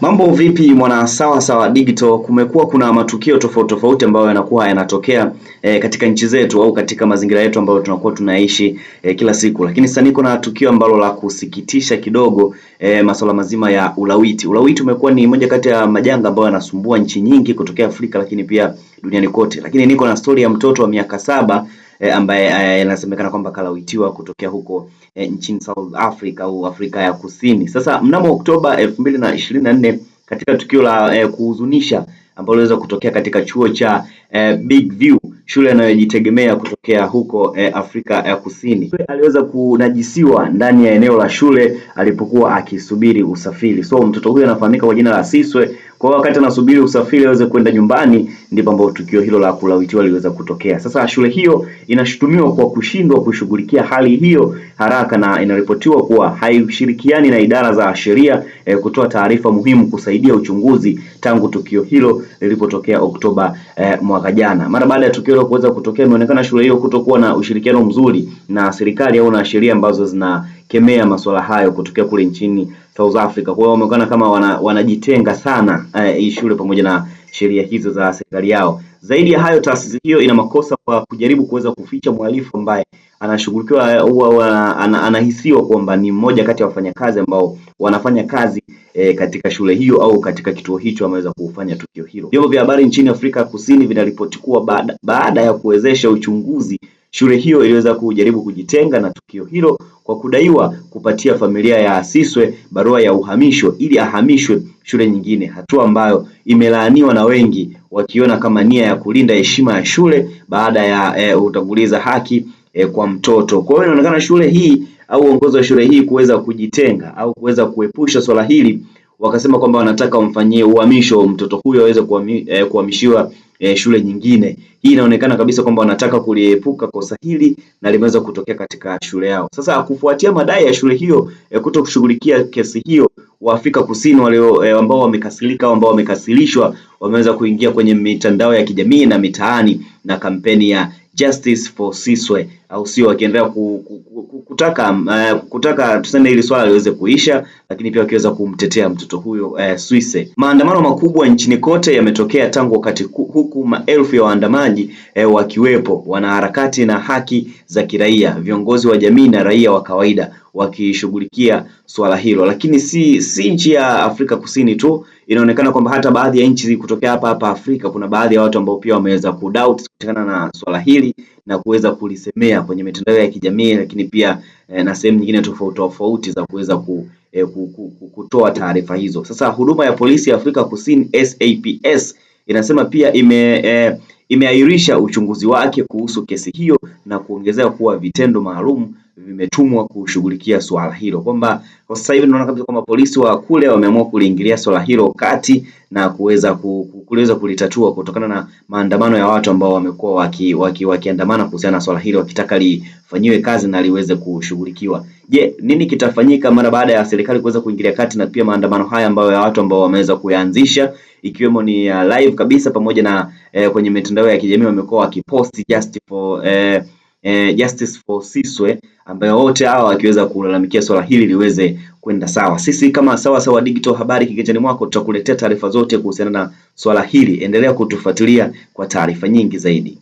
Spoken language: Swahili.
Mambo vipi mwana sawa sawa digital, kumekuwa kuna matukio tofauti tofauti ambayo yanakuwa yanatokea e, katika nchi zetu au katika mazingira yetu ambayo tunakuwa tunaishi e, kila siku, lakini sasa niko na tukio ambalo la kusikitisha kidogo e, masuala mazima ya ulawiti. Ulawiti umekuwa ni moja kati ya majanga ambayo yanasumbua nchi nyingi kutokea Afrika, lakini pia duniani kote, lakini niko na stori ya mtoto wa miaka saba eh, ambaye eh, inasemekana eh, kwamba kalawitiwa kutokea huko eh, nchini South Africa au Afrika ya Kusini. Sasa mnamo Oktoba 2024 katika tukio la eh, kuhuzunisha ambalo liweza kutokea katika chuo cha eh, Big View shule inayojitegemea kutokea huko eh, Afrika ya eh, Kusini. Aliweza kunajisiwa ndani ya eneo la shule alipokuwa akisubiri usafiri. So mtoto huyo anafahamika kwa jina la Siswe kwa wakati anasubiri usafiri aweze kwenda nyumbani, ndipo ambapo tukio hilo la kulawitiwa liweza kutokea. Sasa shule hiyo inashutumiwa kwa kushindwa kushughulikia hali hiyo haraka na inaripotiwa kuwa haishirikiani na idara za sheria eh, kutoa taarifa muhimu kusaidia uchunguzi tangu tukio hilo lilipotokea Oktoba eh, mwaka jana. Mara baada ya tukio hilo kuweza kutokea, imeonekana shule hiyo kutokuwa na ushirikiano mzuri na serikali au na sheria ambazo zinakemea masuala hayo kutokea kule nchini South Africa. Kwa hiyo wameonekana kama wana, wanajitenga sana eh, hii shule pamoja na sheria hizo za serikali yao. Zaidi ya hayo, taasisi hiyo ina makosa kwa kujaribu kuweza kuficha mhalifu ambaye anashughulikiwa eh, huwa anahisiwa kwamba ni mmoja kati ya wafanyakazi ambao wanafanya kazi e, katika shule hiyo au katika kituo hicho ameweza kufanya tukio hilo. Vyombo vya habari nchini Afrika Kusini vinaripoti kuwa baada, baada ya kuwezesha uchunguzi Shule hiyo iliweza kujaribu kujitenga na tukio hilo kwa kudaiwa kupatia familia ya Asiswe barua ya uhamisho ili ahamishwe shule nyingine, hatua ambayo imelaaniwa na wengi wakiona kama nia ya kulinda heshima ya shule baada ya e, utanguliza haki e, kwa mtoto. Kwa hiyo inaonekana shule hii au uongozi wa shule hii kuweza kujitenga au kuweza kuepusha swala hili, wakasema kwamba wanataka wamfanyie uhamisho mtoto huyo aweze e, kuhamishiwa eh, shule nyingine. Hii inaonekana kabisa kwamba wanataka kuliepuka kosa hili na limeweza kutokea katika shule yao. Sasa kufuatia madai ya shule hiyo eh, kuto kushughulikia kesi hiyo Waafrika Kusini walio e, ambao wamekasirika au ambao wamekasirishwa wameweza kuingia kwenye mitandao ya kijamii na mitaani na kampeni ya Justice for Siswe au sio, wakiendelea kutaka uh, kutaka tuseme hili swala liweze kuisha lakini pia wakiweza kumtetea mtoto huyo eh, Swise. Maandamano makubwa nchini kote yametokea tangu wakati huku maelfu ya waandamaji eh, wakiwepo wanaharakati na haki za kiraia, viongozi wa jamii na raia wa kawaida wakishughulikia swala hilo, lakini si si nchi ya Afrika Kusini tu, inaonekana kwamba hata baadhi ya nchi kutokea hapa hapa Afrika kuna baadhi ya watu ambao pia wameweza kudoubt kutokana na swala hili na kuweza kulisemea kwenye mitandao ya kijamii, lakini pia eh, na sehemu nyingine tofauti tofauti za kuweza ku e, kutoa taarifa hizo. Sasa huduma ya polisi ya Afrika Kusini SAPS inasema pia ime e, imeahirisha uchunguzi wake kuhusu kesi hiyo na kuongezea kuwa vitendo maalum vimetumwa kushughulikia swala hilo, kwamba kwa sasa hivi tunaona kabisa kwamba polisi wa kule wameamua kuliingilia swala hilo kati na kuweza kuliweza kulitatua kutokana na maandamano ya watu ambao wamekuwa waki, waki, wakiandamana kuhusiana na swala hilo wakitaka lifanyiwe kazi na liweze kushughulikiwa. Je, nini kitafanyika mara baada ya serikali kuweza kuingilia kati na pia maandamano haya ambayo ya watu ambao wameweza kuyaanzisha ikiwemo ni uh, live kabisa pamoja na eh, kwenye mitandao ya kijamii wamekuwa wakiposti just for eh, eh, Justice for Siswe ambayo wote hawa wakiweza kulalamikia swala hili liweze kwenda sawa. Sisi kama Sawa Sawa Digital, habari kiganjani mwako, tutakuletea taarifa zote kuhusiana na swala hili. Endelea kutufuatilia kwa taarifa nyingi zaidi.